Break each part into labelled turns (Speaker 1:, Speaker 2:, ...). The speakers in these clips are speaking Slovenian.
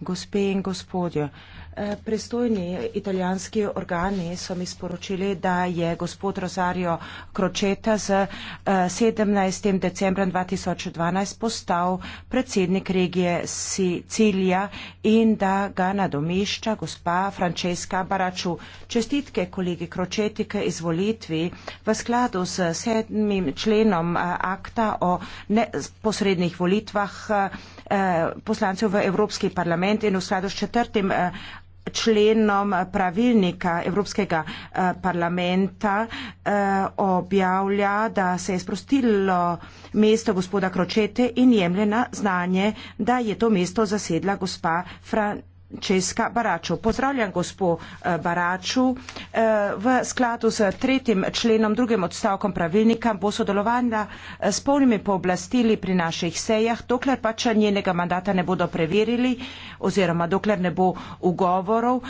Speaker 1: Gospe in gospodje, eh, prestojni italijanski organi so mi sporočili, da je gospod Rosario Kročeta z 17. decembra 2012 postal predsednik regije Sicilija in da ga nadomišča gospa Francesca Baraču. Čestitke kolegi Kročeti k izvolitvi v skladu s sedmim členom eh, akta o neposrednih volitvah eh, Eh, poslancev v Evropski parlament in v skladu s četrtim eh, členom eh, pravilnika Evropskega parlamenta objavlja, da se je sprostilo mesto gospoda Kročete in jemljena znanje, da je to mesto zasedla gospa Fran. Česka Baraču. Pozdravljam gospo eh, Baraču. Eh, v skladu s tretjim členom, drugim odstavkom pravilnika bo sodelovanja eh, s polnimi pooblastili pri naših sejah, dokler pač njenega mandata ne bodo preverili oziroma dokler ne bo ugovorov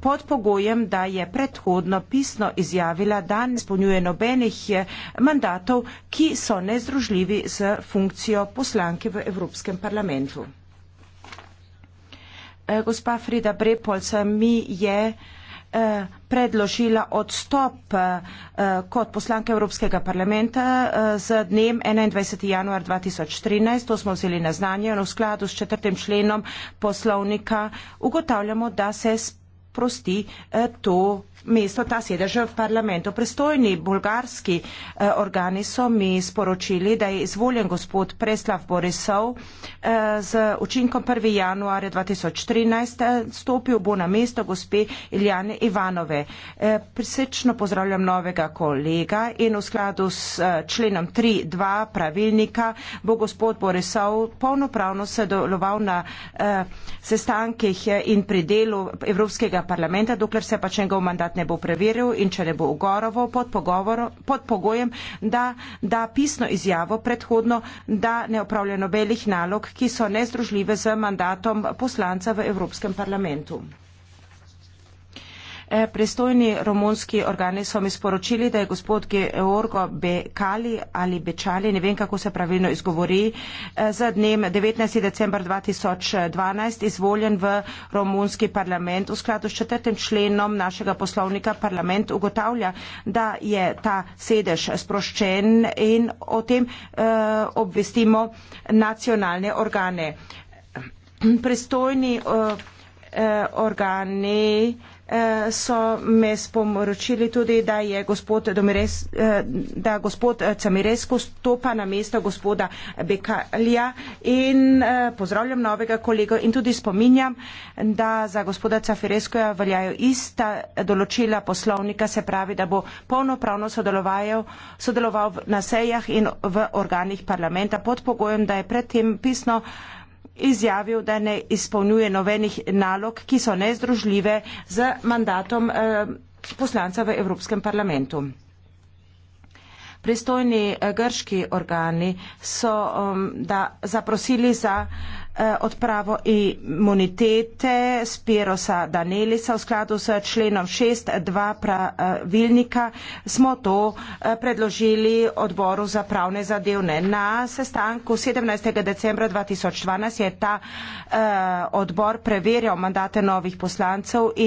Speaker 1: pod pogojem, da je predhodno pisno izjavila, da ne izpolnjuje nobenih mandatov, ki so nezdružljivi z funkcijo poslanke v Evropskem parlamentu. Eh, gospa Frida Brepolc mi je eh, predložila odstop eh, kot poslanke Evropskega parlamenta z dnem 21. januar 2013. To smo vzeli na znanje in v skladu s četrtim členom poslovnika ugotavljamo, da se spremljamo prosti eh, to mesto, ta sedež v parlamentu. Prestojni bulgarski eh, organi so mi sporočili, da je izvoljen gospod Preslav Borisov eh, z učinkom 1. januarja 2013 stopil bo na mesto gospe Iljane Ivanove. Prisečno pozdravljam novega kolega in v skladu s členom 3.2 pravilnika bo gospod Borisov polnopravno sedeloval na sestankih in pri delu Evropskega parlamenta, dokler se pač njegov mandat ne bo preveril in če ne bo ugorovo pod, pod pogojem, da da pisno izjavo predhodno, da ne opravlja nobelih nalog, ki so nezdružljive z mandatom poslanca v Evropskem parlamentu. E, pristojni romunski organi so mi sporočili, da je gospod Georgo Bekali ali Bečali, ne vem kako se pravilno izgovori, e, za dnem 19. decembar 2012 izvoljen v romunski parlament. V skladu s četrtim členom našega poslovnika parlament ugotavlja, da je ta sedež sproščen in o tem e, obvestimo nacionalne organe. Pristojni organi. Eh, so me sporočili tudi, da je gospod, Domires, eh, da gospod eh, Cemiresko stopa na mesto gospoda Bekalija in pozdravljam novega kolega in tudi spominjam, da za gospoda Cafireskoja veljajo ista določila poslovnika, se pravi, da bo polnopravno sodeloval na sejah in v organih parlamenta pod pogojem, da je predtem pisno izjavil, da ne izpolnjuje nobenih nalog, ki so nezdružljive z mandatom eh, poslanca v Evropskem parlamentu. Pristojni eh, grški organi so eh, da, zaprosili za uh, Eh, odpravo imunitete Spirosa Danelisa v skladu s členom 6.2 pravilnika eh, smo to eh, predložili odboru za pravne zadevne. Na sestanku 17. decembra 2012 je ta odbor preverjal mandate novih poslancev.